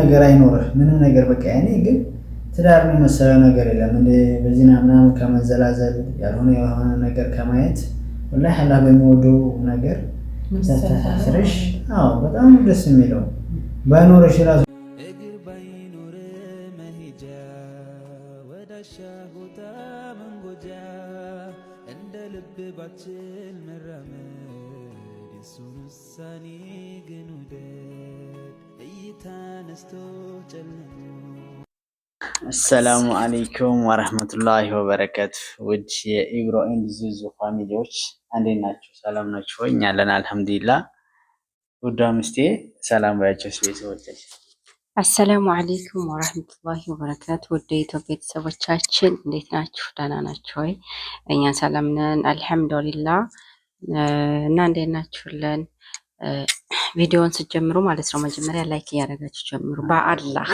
ነገር አይኖርህ ምንም ነገር በቃ ያኔ ግን ትዳር መሰለ ነገር የለም። እንደ በዚህና ምናምን ከመዘላዘል ያልሆነ የሆነ ነገር ከማየት ወላ ላ በሚወደው ነገር ተሳስረሽ፣ አዎ በጣም ደስ የሚለው ባይኖረሽ ራሱ እግር ልብ ባችል መራመድ የሱን ውሳኔ አሰላሙ አሌይኩም ወረህመቱላሂ ወበረከት ውድ የኢብሮ ኤንድ ዙዙ ፋሚሊዎች እንዴት ናችሁ? ሰላም ናችሁ ወይ? እኛ አለን አልሐምዱሊላህ። ውዷ ሚስቴ ሰላም ባያቸው ቤተሰቦቻችን። አሰላሙ አሌይኩም ወረህመቱላሂ ወበረከት ውድ የኢትዮጵያ ቤተሰቦቻችን እንዴት ናችሁ? ደህና ናችሁ ወይ? እኛ ሰላም ነን አልሐምዱሊላህ። እና እንዴት ናችሁለን? ቪዲዮውን ስትጀምሩ ማለት ነው መጀመሪያ ላይክ እያደረጋችሁ ጀምሩ። በአላህ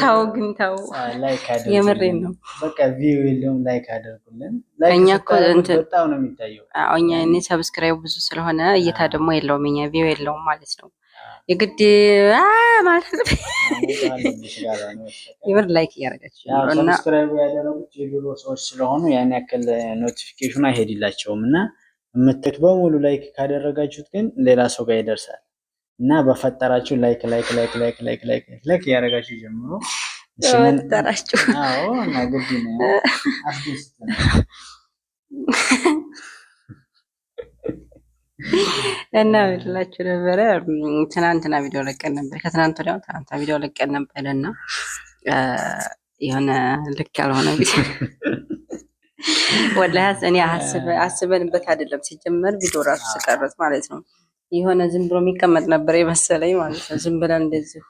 ታው ግን ታው የምሬን ነው። በቃ ቪው የለውም። ላይክ አድርጉልን። እኛ እኮ እንትን በጣም ነው የሚታየው። እኛ እኔ ሰብስክራይብ ብዙ ስለሆነ እይታ ደግሞ የለውም። እኛ ቪው የለውም ማለት ነው። የግድ ማለት ነው የምር ላይክ እያደረጋችሁ እና ሰብስክራይብ ያደረጉት የቢሮ ሰዎች ስለሆኑ ያን ያክል ኖቲፊኬሽኑ አይሄድላቸውም እና የምትክ በሙሉ ላይክ ካደረጋችሁት ግን ሌላ ሰው ጋር ይደርሳል እና በፈጠራችሁ ላይክ ላይክ ላይክ ላይክ ላይክ ላይክ ላይክ ያደረጋችሁ ጀምሮ በፈጠራችሁ እና ግድ ነው አስደስት እና ብላችሁ ነበረ። ትናንትና ቪዲዮ ለቀን ነበር፣ ከትናንት ወዲያ ትናንትና ቪዲዮ ለቀን ነበር እና የሆነ ልክ ያልሆነ ቪዲዮ ወላሂ እኔ አስበንበት አይደለም። ሲጀመር ቪዲዮ ራሱ ስቀረጽ ማለት ነው የሆነ ዝም ብሎ የሚቀመጥ ነበር የመሰለኝ ማለት ነው። ዝም ብለን እንደዚሁ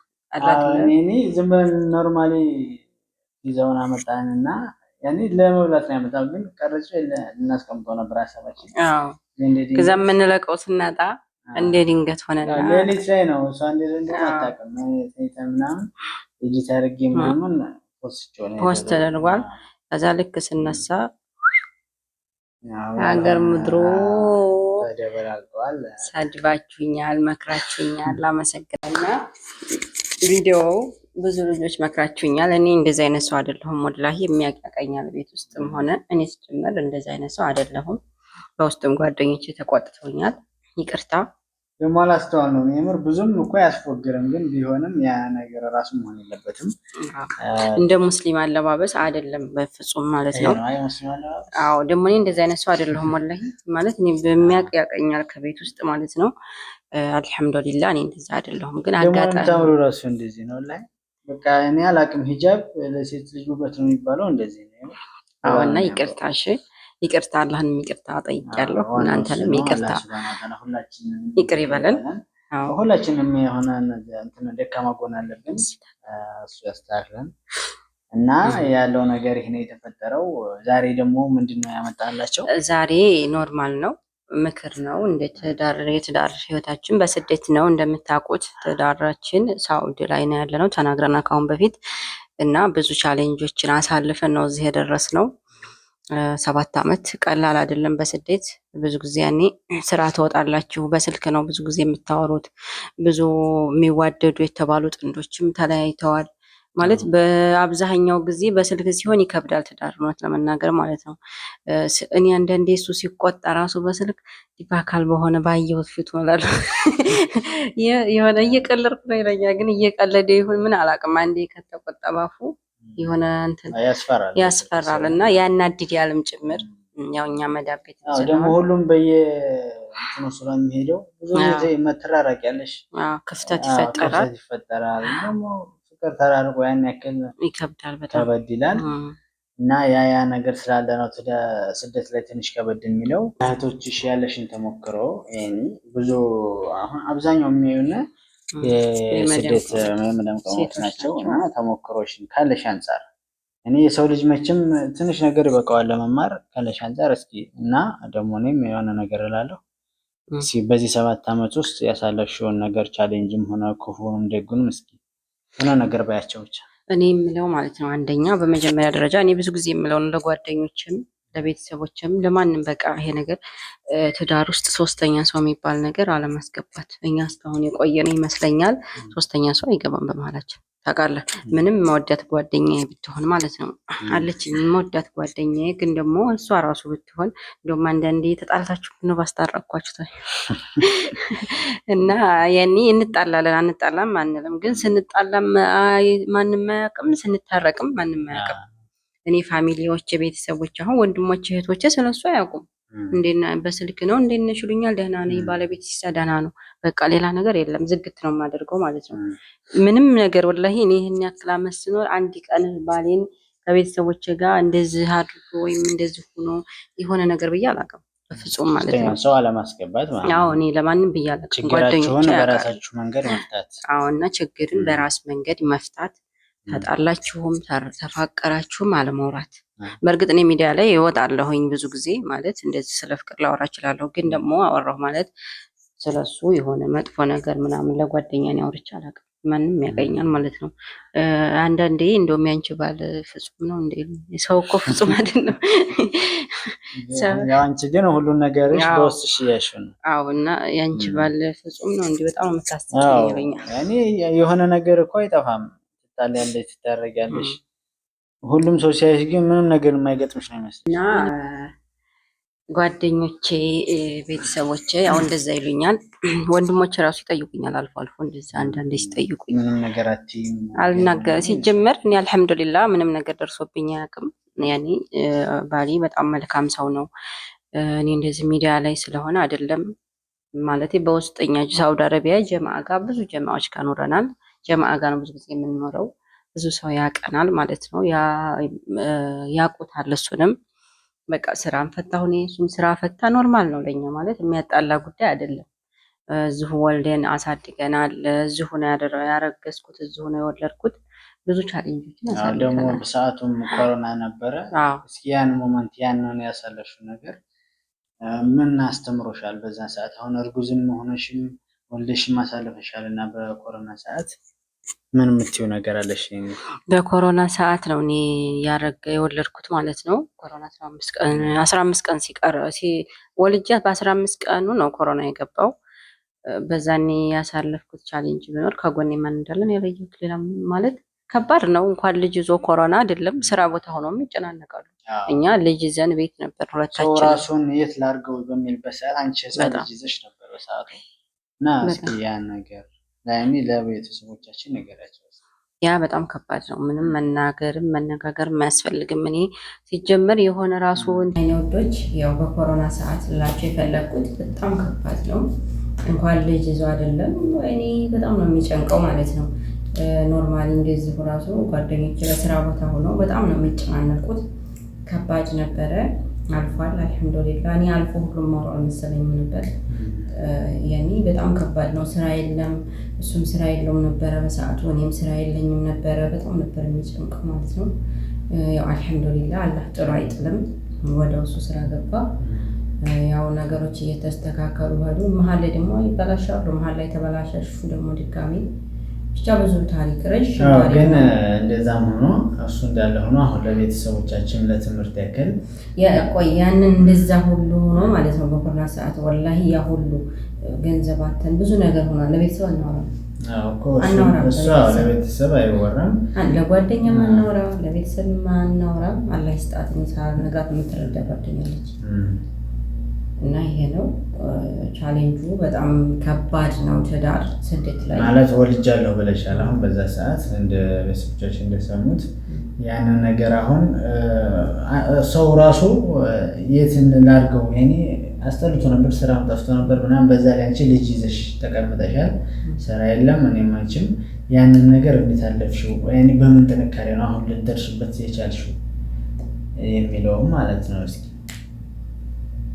እኔ ዝም ብለን ኖርማሊ ይዘውን አመጣን እና ያኔ ለመብላት ነው ያመጣው፣ ግን ቀረጽ ልናስቀምጠው ነበር ሀሳባችን። ከዛ የምንለቀው ስናጣ እንደ ድንገት ሆነና ሌሊት ላይ ነው እሷ እንደ ድንገት አታውቅም ምናምን ዲጂት አድርጌ ምናምን ፖስት ተደርጓል። ከዛ ልክ ስነሳ ሀገር ምድሮ ሳድባችሁኛል፣ መክራችሁኛል። ላመሰግናልና ቪዲዮ ብዙ ልጆች መክራችሁኛል። እኔ እንደዚህ አይነት ሰው አይደለሁም። ወላሂ የሚያቀቀኛል ቤት ውስጥም ሆነ እኔ ስጀምር እንደዚህ አይነት ሰው አይደለሁም። በውስጥም ጓደኞች ተቆጥተውኛል። ይቅርታ ደግሞ አላስተዋል ነው የምር ብዙም እኮ አያስፎግርም፣ ግን ቢሆንም ያ ነገር ራሱ መሆን የለበትም። እንደ ሙስሊም አለባበስ አይደለም በፍጹም ማለት ነው። አዎ ደግሞ እኔ እንደዚህ አይነት ሰው አይደለሁም ወላሂ ማለት እኔ በሚያውቅ ያቀኛል ከቤት ውስጥ ማለት ነው። አልሐምዱሊላ እኔ እንደዚህ አይደለሁም፣ ግን አጋጣሚ ራሱ እንደዚህ ነው ላይ በቃ እኔ አላቅም። ሂጃብ ለሴት ልጅ ውበት ነው የሚባለው እንደዚህ ነው አዎ እና ይቅርታ እሺ ይቅርታ አላህንም ይቅርታ ጠይቃለሁ። እናንተንም ይቅርታ ይቅር ይበለን። ሁላችንም የሆነ ደካማ ጎን አለብን፣ እሱ ያስታርን እና ያለው ነገር ይህ ነው የተፈጠረው። ዛሬ ደግሞ ምንድን ነው ያመጣላቸው? ዛሬ ኖርማል ነው ምክር ነው። እንደ ትዳር የትዳር ህይወታችን በስደት ነው እንደምታውቁት። ትዳራችን ሳውዲ ላይ ነው ያለ ነው ተናግረና ካሁን በፊት እና ብዙ ቻሌንጆችን አሳልፈን ነው እዚህ የደረስ ነው ሰባት ዓመት ቀላል አይደለም። በስደት ብዙ ጊዜ ያኔ ስራ ትወጣላችሁ። በስልክ ነው ብዙ ጊዜ የምታወሩት። ብዙ የሚዋደዱ የተባሉ ጥንዶችም ተለያይተዋል። ማለት በአብዛኛው ጊዜ በስልክ ሲሆን ይከብዳል ትዳር፣ እውነት ለመናገር ማለት ነው። እኔ አንዳንዴ እሱ ሲቆጣ ራሱ በስልክ በአካል በሆነ ባየሁት ፊት ሆናሉ የሆነ እየቀለድኩ ነው ይለኛል፣ ግን እየቀለደ ይሁን ምን አላውቅም። አንዴ ከተቆጣ ባፉ የሆነ እንትን ያስፈራል እና ያለም ጭምር። ያው እኛ መዳብ ቤት ደግሞ ሁሉም በየ በየእንትኑ ስለሚሄደው ብዙ ጊዜ መተራራቅ ያለሽ ክፍተት ይፈጠራል ይፈጠራል። ደግሞ ፍቅር ተራርቆ ያን ያክል ይከብዳል፣ በጣም ከበድ ይላል። እና ያ ያ ነገር ስላለ ነው ስደት ላይ ትንሽ ከበድ የሚለው። እህቶችሽ ያለሽን ተሞክሮ ብዙ አሁን አብዛኛው የሚያዩና የስደት መምለም ቀሞች ናቸው እና ተሞክሮሽን ካለሽ አንጻር እኔ የሰው ልጅ መቼም ትንሽ ነገር ይበቃዋል ለመማር ካለሽ አንጻር እስኪ እና ደግሞ እኔም የሆነ ነገር እላለሁ በዚህ ሰባት ዓመት ውስጥ ያሳለፍሽውን ነገር ቻሌንጅም ሆነ ክፉንም ደጉንም እስኪ ሆነ ነገር ባያቸው ብቻ እኔ የምለው ማለት ነው። አንደኛ በመጀመሪያ ደረጃ እኔ ብዙ ጊዜ የምለውን ለጓደኞችም ለቤተሰቦችም ለማንም በቃ ይሄ ነገር ትዳር ውስጥ ሶስተኛ ሰው የሚባል ነገር አለማስገባት። እኛ እስካሁን የቆየን ይመስለኛል። ሶስተኛ ሰው አይገባም በመሀላችን። ታውቃለህ፣ ምንም መወዳት ጓደኛ ብትሆን ማለት ነው አለች መወዳት ጓደኛ፣ ግን ደግሞ እሷ ራሱ ብትሆን እንደውም አንዳንዴ የተጣላችሁ ነው ባስታረቅኳችሁ እና ያኔ እንጣላለን አንጣላም አንልም፣ ግን ስንጣላም ማንም አያውቅም፣ ስንታረቅም ማንም አያውቅም። እኔ ፋሚሊዎች ቤተሰቦች አሁን ወንድሞች እህቶች ስለሱ አያውቁም። እንዴና በስልክ ነው እንዴት ነሽ ይሉኛል። ደህና ነኝ ባለቤት ሲሳ ደህና ነው። በቃ ሌላ ነገር የለም። ዝግት ነው የማደርገው ማለት ነው። ምንም ነገር ወላሂ እኔ ይህን ያክል አመት ስኖር አንድ ቀን ባሌን ከቤተሰቦች ጋር እንደዚህ አድርጎ ወይም እንደዚህ ሆኖ የሆነ ነገር ብዬ አላውቅም በፍጹም ማለት ነው። ሰው አለማስገባት ማለት ነው። እኔ ለማንም ብዬ አላውቅም። ጓደኞቼ በራሳችሁ መንገድ መፍታት እና ችግርን በራስ መንገድ መፍታት ተጣላችሁም ተፋቀራችሁም አለመውራት። በእርግጥ እኔ ሚዲያ ላይ እወጣለሁኝ ብዙ ጊዜ ማለት እንደዚህ ስለ ፍቅር ላወራ እችላለሁ። ግን ደግሞ አወራሁ ማለት ስለሱ የሆነ መጥፎ ነገር ምናምን ለጓደኛ ነው አውርቼ አላውቅም። ማንም ያገኛል ማለት ነው። አንዳንዴ እንደውም ያንቺ ባል ፍጹም ነው እንዴ? ሰው እኮ ፍጹም አይደለም። ያንቺ ግን ሁሉን ነገር በውስጥሽ እያልሽው ነው። አዎ። እና ያንቺ ባል ፍጹም ነው እንዲህ በጣም የምታስተያየኛል። እኔ የሆነ ነገር እኮ አይጠፋም ትጣላለች፣ ትታረጋለች። ሁሉም ሰው ሲያይሽ ግን ምንም ነገር የማይገጥምሽ ነው ይመስል እና ጓደኞቼ፣ ቤተሰቦቼ ያው እንደዛ ይሉኛል። ወንድሞች ራሱ ይጠይቁኛል አልፎ አልፎ እንደዛ አንዳንዴ ሲጠይቁኝ ምንም ነገር አልናገር ሲጀመር እኔ አልሐምዱሊላ ምንም ነገር ደርሶብኝ አያውቅም። ያኔ ባሌ በጣም መልካም ሰው ነው። እኔ እንደዚህ ሚዲያ ላይ ስለሆነ አይደለም ማለት በውስጠኛ ሳውዲ አረቢያ ጀማዓ ጋር ብዙ ጀማዎች ጋር ኖረናል። ጀማአ ጋር ነው ብዙ ጊዜ የምንኖረው። ብዙ ሰው ያቀናል ማለት ነው፣ ያውቁታል። እሱንም በቃ ስራን ፈታሁ ሁኔ እሱም ስራ ፈታ። ኖርማል ነው ለኛ ማለት የሚያጣላ ጉዳይ አይደለም። እዚሁ ወልደን አሳድገናል። እዚሁ ነው ያረገዝኩት፣ እዚሁ ነው የወለድኩት። ብዙ ቻሌንጆችን ደግሞ በሰዓቱም ኮሮና ነበረ። እስኪ ያን ሞመንት ያንን ያሳለፍሽው ነገር ምን አስተምሮሻል? በዛን ሰዓት አሁን እርጉዝም ሆነሽም ወልደሽ ማሳለፍ እና በኮሮና ሰዓት ምን የምትይው ነገር አለሽ? በኮሮና ሰዓት ነው እኔ ያረገ የወለድኩት ማለት ነው። ኮሮና አስራ አምስት ቀን ሲቀር ወልጃ በአስራ አምስት ቀኑ ነው ኮሮና የገባው። በዛኔ ያሳለፍኩት ቻሌንጅ ቢኖር ከጎን ማን እንዳለን ያለየሁት ሌላ ማለት ከባድ ነው። እንኳን ልጅ ይዞ ኮሮና አይደለም ስራ ቦታ ሆኖም ይጨናነቃሉ። እኛ ልጅ ይዘን ቤት ነበር ሁለታችን። ራሱን የት ላድርገው በሚልበት ሰዓት አንቺ ልጅ ይዘሽ ነበር በሰዓቱ እና እስኪ ያን ነገር ለእኔ ለቤተሰቦቻችን ነገራቸው ያ በጣም ከባድ ነው። ምንም መናገርም መነጋገር አያስፈልግም። እኔ ሲጀምር የሆነ ራሱ ወዶች ያው በኮሮና ሰዓት ላቸው የፈለግኩት በጣም ከባድ ነው። እንኳን ልጅ ይዞ አይደለም እኔ በጣም ነው የሚጨንቀው ማለት ነው። ኖርማሊ እንደዚሁ ራሱ ጓደኞች በስራ ቦታ ሆነው በጣም ነው የሚጨናነቁት። ከባድ ነበረ። አልፏል። አልሐምዱሊላ እኔ አልፎ ሁሉም ማውራል መሰለኝ ነበር ያኔ በጣም ከባድ ነው። ስራ የለም፣ እሱም ስራ የለውም ነበረ በሰዓቱ፣ እኔም ስራ የለኝም ነበረ። በጣም ነበር የሚጨምቀው ማለት ነው። ያው አልሐምዱሊላ አላህ ጥሩ አይጥልም። ወደ እሱ ስራ ገባ። ያው ነገሮች እየተስተካከሉ ሄዱ። መሀል ላይ ደግሞ ይበላሻሉ። መሀል ላይ ተበላሻሹ ደግሞ ድጋሜ ብቻ ብዙ ታሪክ ረዥም ግን እንደዛም ሆኖ እሱ እንዳለ ሆኖ አሁን ለቤተሰቦቻችን ለትምህርት ያክል ቆይ ያንን እንደዛ ሁሉ ሆኖ ማለት ነው በኮሮና ሰዓት ወላሂ ያ ሁሉ ገንዘብ አተን ብዙ ነገር ሆኗል። ለቤተሰብ አናወራም ለቤተሰብ አይወራም፣ ለጓደኛ አናወራም፣ ለቤተሰብ አናወራም። አላህ ይስጣት ነግራት የምትረዳ ጓደኛለች። እና ይሄ ነው ቻሌንጁ። በጣም ከባድ ነው ትዳር ስደት ላይ ማለት ወልጃለሁ ብለሻል። አሁን በዛ ሰዓት እንደ ቤተሰቦቻችን እንደሰሙት ያንን ነገር አሁን ሰው ራሱ የትን ላድርገው ኔ አስጠልቶ ነበር፣ ስራም ጠፍቶ ነበር ምናምን። በዛ ላይ አንቺ ልጅ ይዘሽ ተቀምጠሻል፣ ስራ የለም እኔም አንቺም። ያንን ነገር እንዴት አለፍሽው? በምን ጥንካሬ ነው አሁን ልደርሽበት የቻልሽው የሚለውም ማለት ነው እስኪ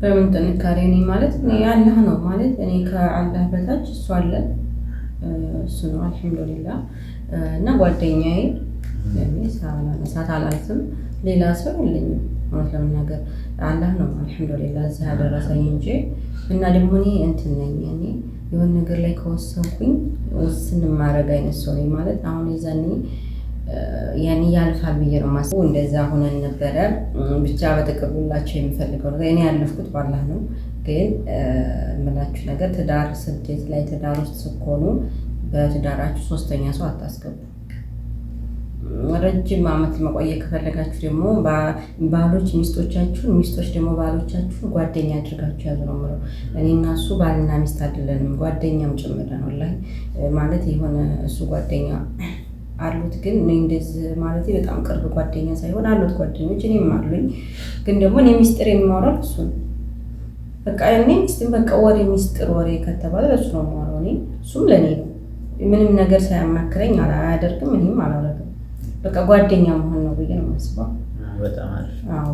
በምን ጥንካሬ እኔ ማለት እኔ አላህ ነው ማለት እኔ ከአላህ በታች እሱ አለ እሱ ነው። አልሐምዱሊላ እና ጓደኛዬ ሳት አላልፍም ሌላ ሰው የለኝም። እውነት ለመናገር አላህ ነው አልሐምዱሊላ እዚህ ያደረሰኝ እንጂ እና ደግሞ እኔ እንትን ነኝ እኔ የሆነ ነገር ላይ ከወሰንኩኝ ውስን ማድረግ አይነት ሰው ነኝ ማለት አሁን የዛኔ ያኔ ያልፋል ብዬ ነው የማስበው። እንደዛ ሆነን ነበረ። ብቻ በተቀብላቸው የሚፈልገው ነገር እኔ ያለፍኩት ባላ ነው። ግን የምላችሁ ነገር ትዳር ስደት ላይ ትዳር ውስጥ ስኮኑ በትዳራችሁ ሶስተኛ ሰው አታስገቡ። ረጅም አመት መቆየት ከፈለጋችሁ ደግሞ ባሎች ሚስቶቻችሁን፣ ሚስቶች ደግሞ ባሎቻችሁን ጓደኛ አድርጋችሁ ያዙ ነው የምለው። እኔና እሱ ባልና ሚስት አይደለንም ጓደኛም ጭምር ነው ላይ ማለት የሆነ እሱ ጓደኛ አሉት ግን እኔ እንደዚህ ማለት በጣም ቅርብ ጓደኛ ሳይሆን አሉት ጓደኞች፣ እኔም አሉኝ። ግን ደግሞ እኔ ሚስጥር የማወራው እሱ ነው። በቃ እኔ ሚስጥር በቃ ወሬ ሚስጥር ወሬ ከተባለ እሱ ነው የማወራው። እኔ እሱም ለእኔ ነው። ምንም ነገር ሳያማክረኝ አያደርግም፣ እኔም አላረግም በቃ ጓደኛ መሆን ነው ብዬ ነው የማስበው።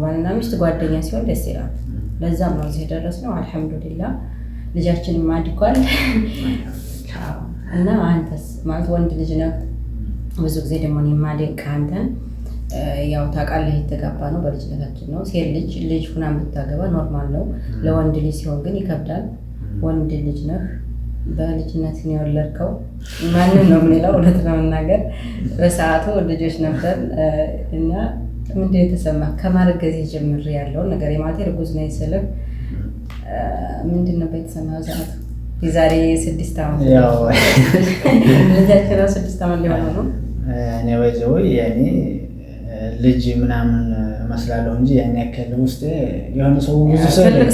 ባልና ሚስት ጓደኛ ሲሆን ደስ ይላል። ለዛም ነው እዚህ የደረስነው። አልሐምዱሊላ ልጃችንም አድጓል እና አንተስ ማለት ወንድ ልጅ ነው ብዙ ጊዜ ደግሞ እኔማ ከአንተን ያው ታውቃለህ፣ የተጋባ ነው በልጅነታችን ነው። ሴት ልጅ ልጅ ሁና የምታገባ ኖርማል ነው። ለወንድ ልጅ ሲሆን ግን ይከብዳል። ወንድ ልጅ ነህ፣ በልጅነት ነው የወለድከው። ማንም ነው ሌላ እውነት ለመናገር በሰዓቱ ልጆች ነበር እና ምንድን የተሰማ ከማርገዝ ጀምር ያለውን ነገር የማለት እርጉዝ ነው ስልህ ምንድን ነበር የተሰማ ሰዓቱ? የዛሬ ስድስት ዓመት ልጃችን ስድስት ዓመት ሊሆነ ነው እኔ ባይዘው ያኔ ልጅ ምናምን እመስላለሁ እንጂ ያን ያክል ውስጥ የሆነ ሰው ብዙ ሰው ብዙ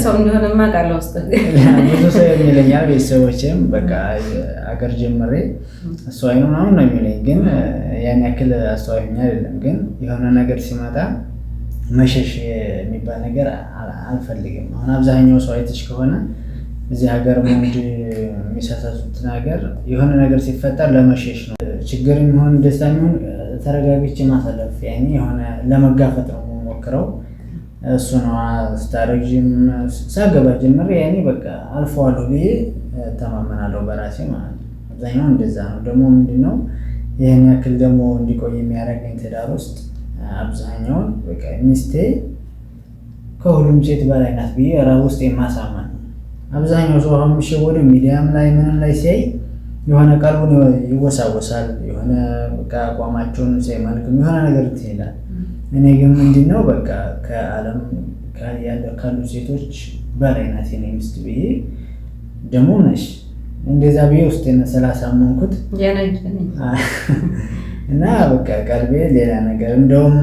ሰው የሚለኛል። ቤተሰቦችም በቃ አገር ጀምሬ አስተዋይ ነው ምናምን ነው የሚለኝ፣ ግን ያን ያክል አስተዋይ ሆኜ አይደለም። ግን የሆነ ነገር ሲመጣ መሸሽ የሚባል ነገር አልፈልግም። አሁን አብዛኛው ሰው አይተሽ ከሆነ እዚህ ሀገር ሙድ የሚሳሳሱትን ሀገር የሆነ ነገር ሲፈጠር ለመሸሽ ነው። ችግር የሚሆን ደስታ የሚሆን ተረጋግቼ ማሳለፍ የሆነ ለመጋፈጥ ነው የምሞክረው። እሱ ነው ስታረጅም ሳገባ ጀምር ያኔ በቃ አልፈዋለሁ ብዬ ተማመናለሁ በራሴ ማለት ነው። አብዛኛው እንደዛ ነው። ደግሞ ምንድነው ይህን ያክል ደግሞ እንዲቆይ የሚያደርገኝ ትዳር ውስጥ አብዛኛውን በቃ ሚስቴ ከሁሉም ሴት በላይ ናት ብዬ ራብ ውስጥ የማሳመን አብዛኛው ሰው አሁን ወደ ሚዲያም ላይ ምንም ላይ ሲያይ የሆነ ቀልቡን ይወሳወሳል። የሆነ በቃ አቋማቸውን ሳይመልክም የሆነ ነገር ትሄዳል። እኔ ግን ምንድን ነው በቃ ከዓለም ካሉ ሴቶች በላይ ናት የኔ ሚስት ብዬ ደግሞ ነሽ እንደዛ ብዬ ውስጥ ሰላሳ መንኩት እና በቃ ቀልቤ ሌላ ነገር እንደውም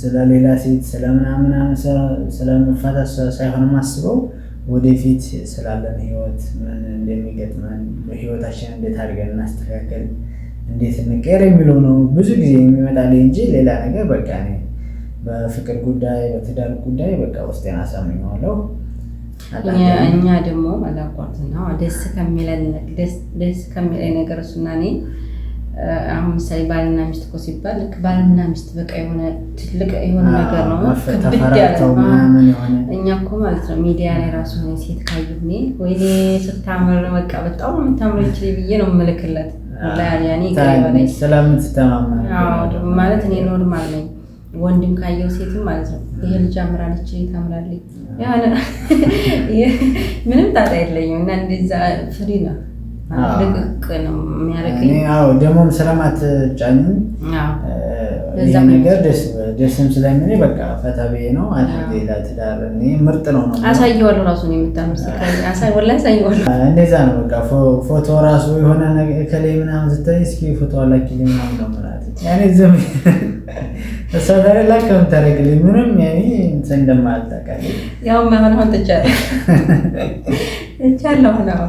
ስለ ሌላ ሴት ስለምናምናም ስለመፋታት ሳይሆን ማስበው ወደፊት ስላለን ህይወት ምን እንደሚገጥመን በህይወታችን እንዴት አድርገን እናስተካከል፣ እንዴት እንቀር የሚለው ነው ብዙ ጊዜ የሚመጣል እንጂ ሌላ ነገር በቃ በፍቅር ጉዳይ በትዳር ጉዳይ በቃ ውስጤን አሳምኘዋለሁ። እኛ ደግሞ ነው ደስ ከሚለን ነገር እሱና እኔ አሁን ምሳሌ ባልና ሚስት እኮ ሲባል ልክ ባልና ሚስት በቃ የሆነ ትልቅ የሆነ ነገር ነው፣ ክብድ ያለ እኛ እኮ ማለት ነው ሚዲያ ላይ ራሱ ሆነ ሴት ካዩ ኔ ወይ ስታምር በቃ በጣም የምታምር ይችል ብዬ ነው የምልክለት ማለት እኔ ኖርማል ነኝ። ወንድም ካየው ሴትም ማለት ነው ይሄ ልጅ አምራለች ታምራለች ምንም ጣጣ የለኝም እና እንደዛ ፍሪ ነው ልቅቅ ነው የሚያደርገኝ። ደግሞም ስለማትጫኝ ይህ ነገር ደስም ስለሚሆን በቃ ፈታ ብዬ ነው ሌላ ትዳር ምርጥ ነው እንደዛ ነው በቃ ፎቶ ራሱ የሆነ ከላይ ምናምን ስታይ እስኪ ፎቶ አላኪ ምናምን ነው እሷ ላይ ላክ ከምታደርግልኝ ምንም እንደማልጠቃልኝ ያው መሆን ሆን ትቻለህ ይቻለሁ ነው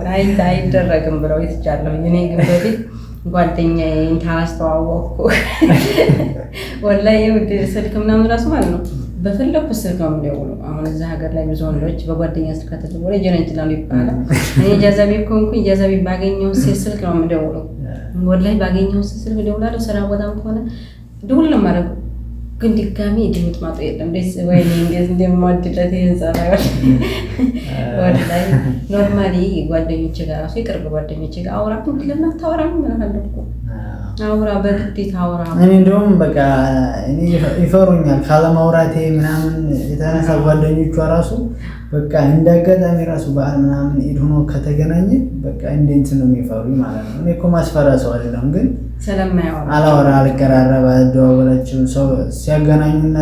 አይደረግም ብለው ይትቻለሁኝ። እኔ ግን በፊት ጓደኛዬን ካላስተዋወቅኩ ወላሂ ውድ ስልክ ምናምን እራሱ ማለት ነው በፈለኩ ስልክ ነው የምደውለው። አሁን እዚ ሀገር ላይ ብዙ ወንዶች በጓደኛ ስልክ ከተደወለ ጀነጅላሉ ይባላል። እኔ ጃዛቢ ከሆንኩኝ ጃዛቢ ባገኘው ሴት ስልክ ነው የምደውለው ወላሂ ባገኘው ስስል እደውላለሁ። ስራ ቦታም ከሆነ ደውል ነው ግን ድጋሚ ድምፅ ማጡ የለም ደስ ወይ እንዴት ወላሂ ኖርማሊ ጓደኞቼ ጋር ራሱ የቅርብ ጓደኞቼ ጋር አውራ ምክልና ታወራ ምናምን አውራ በግዴታ አውራ። እኔ እንደውም በቃ እኔ ይፈሩኛል ካለማውራቴ ምናምን የተነሳ ጓደኞቿ ራሱ በቃ እንደ አጋጣሚ ራሱ በዓል ምናምን ኢድ ሆኖ ከተገናኘ በቃ እንደ ነው የሚፈሩኝ ማለት ነው። እኔ እኮ ማስፈራ ሰው አይደለም፣ ግን አላወራ አልቀራረብ፣ አልደዋወላችም ሰው ሲያገናኙና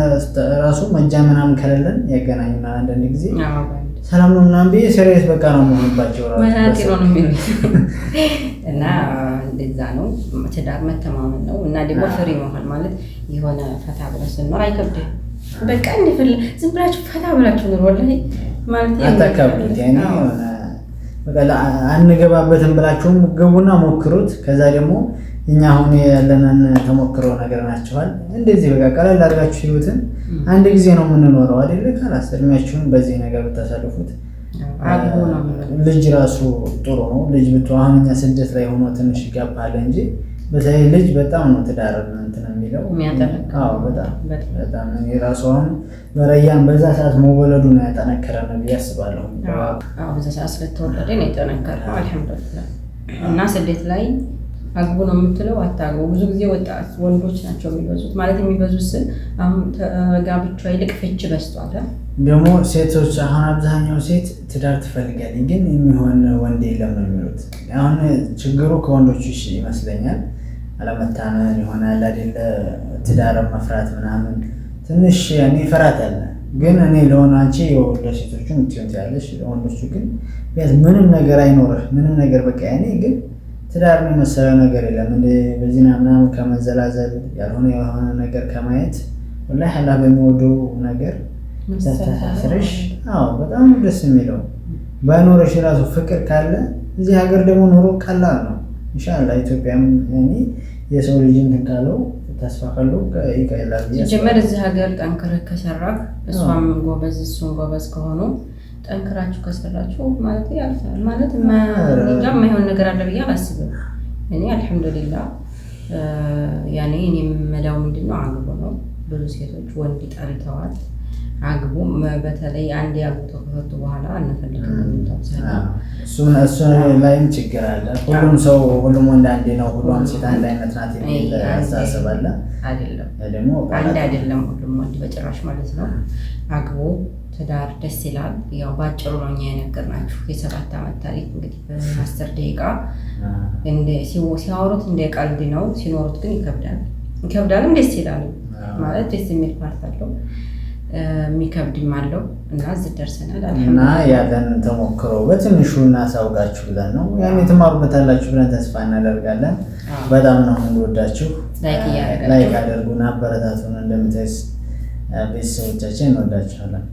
ራሱ መጃ ምናምን ከሌለን ያገናኙናል አንዳንድ ጊዜ ሰላም ነው ምናምን ብዬ ሴሪየስ በቃ ነው መሆንባቸው እና እንደዛ ነው። ትዳር መተማመን ነው እና ደግሞ ፍሪ መሆን ማለት የሆነ ፈታ ብለ ስኖር አይከብድም። በቃ እንዲፍል ዝም ብላችሁ ፈታ ብላችሁ ኑሮ ላይ ማለት አታካብዱት። አንገባበትም ብላችሁም ግቡና ሞክሩት። ከዛ ደግሞ እኛ አሁን ያለንን ተሞክሮ ነገር ናቸዋል። እንደዚህ በቃ ቀላል አድርጋችሁ ህይወትን አንድ ጊዜ ነው የምንኖረው አይደለ? ካላስ እድሜያችሁን በዚህ ነገር ብታሳልፉት ልጅ ራሱ ጥሩ ነው። ልጅ ብቶ አሁን እኛ ስደት ላይ ሆኖ ትንሽ ይጋባል እንጂ በተለይ ልጅ በጣም ነው ትዳር እንትን የሚለው በጣም የራሱ አሁን በረያን በዛ ሰዓት መወለዱ ነው ያጠነከረ ነው ብዬ አስባለሁ። በዛ ሰዓት ስለተወለደ ነው የጠነከረ አልሐምዱሊላህ እና ስደት ላይ አግቡ ነው የምትለው፣ አታግቡ። ብዙ ጊዜ ወጣት ወንዶች ናቸው የሚበዙት። ማለት የሚበዙት ስል አሁን ተጋብቻ ይልቅ ፍች በስቷል። ደግሞ ሴቶች አሁን አብዛኛው ሴት ትዳር ትፈልጋል፣ ግን የሚሆን ወንድ የለም ነው የሚሉት። አሁን ችግሩ ከወንዶች ይመስለኛል። አለመታመን ይሆናል አይደለ? ትዳር መፍራት ምናምን ትንሽ እኔ ይፈራት አለ። ግን እኔ ለሆነ አንቺ ለሴቶቹ ምትሆን ያለሽ፣ ለወንዶቹ ግን ምንም ነገር አይኖርህ ምንም ነገር በቃ ያኔ ግን ትዳር መሰለ ነገር የለም። እንደ በዚህና ምናምን ከመዘላዘል ያልሆነ የሆነ ነገር ከማየት ወላ አላህ በሚወደው ነገር ተሳስረሽ፣ አዎ በጣም ደስ የሚለው ባይኖረሽ ራሱ ፍቅር ካለ እዚህ ሀገር ደግሞ ኑሮ ቀላል ነው። እንሻላ ኢትዮጵያም የሰው ልጅ እንትን ካለው ተስፋ ካለው ይቀላል። ጀመር እዚህ ሀገር ጠንክረህ ከሰራህ እሷም ጎበዝ እሱም ጎበዝ ከሆኑ ጠንክራችሁ ከሰራችሁ ማለት ያልፋል። ማለት እንጃ የማይሆን ነገር አለ ብዬ አላስብም። እኔ አልሐምዱሊላ ያኔ እኔ የምመዳው ምንድን ነው ነው ብዙ ሴቶች ወንድ ጠሪተዋል አግቡም በተለይ አንድ ያግብቶ ከፈቱ በኋላ አንፈልግም። እሱ ላይም ችግር አለ። ሁሉም ሰው ሁሉም ወንድ አንዴ ነው፣ ሁሉም ሴት አንድ አይነት ናት የሚል አስተሳሰብ አለ። አይደለም አንድ አይደለም፣ ሁሉም ወንድ በጭራሽ ማለት ነው። አግቦ ትዳር ደስ ይላል። ያው በአጭሩ ነው እኛ የነገርናችሁ የሰባት ዓመት ታሪክ እንግዲህ በአስር ደቂቃ ሲያወሩት እንደ ቀልድ ነው፣ ሲኖሩት ግን ይከብዳል። ይከብዳልም ደስ ይላል ማለት ደስ የሚል ፓርት አለው። የሚከብድም አለው እና እዚህ ደርሰናል እና ያለን ተሞክሮ በትንሹ እናሳውቃችሁ ብለን ነው ያን የተማሩበታላችሁ ብለን ተስፋ እናደርጋለን። በጣም ነው የምንወዳችሁ። ላይክ አደርጉን፣ አበረታቱን። እንደምታዩት ቤተሰቦቻችን እንወዳችኋለን።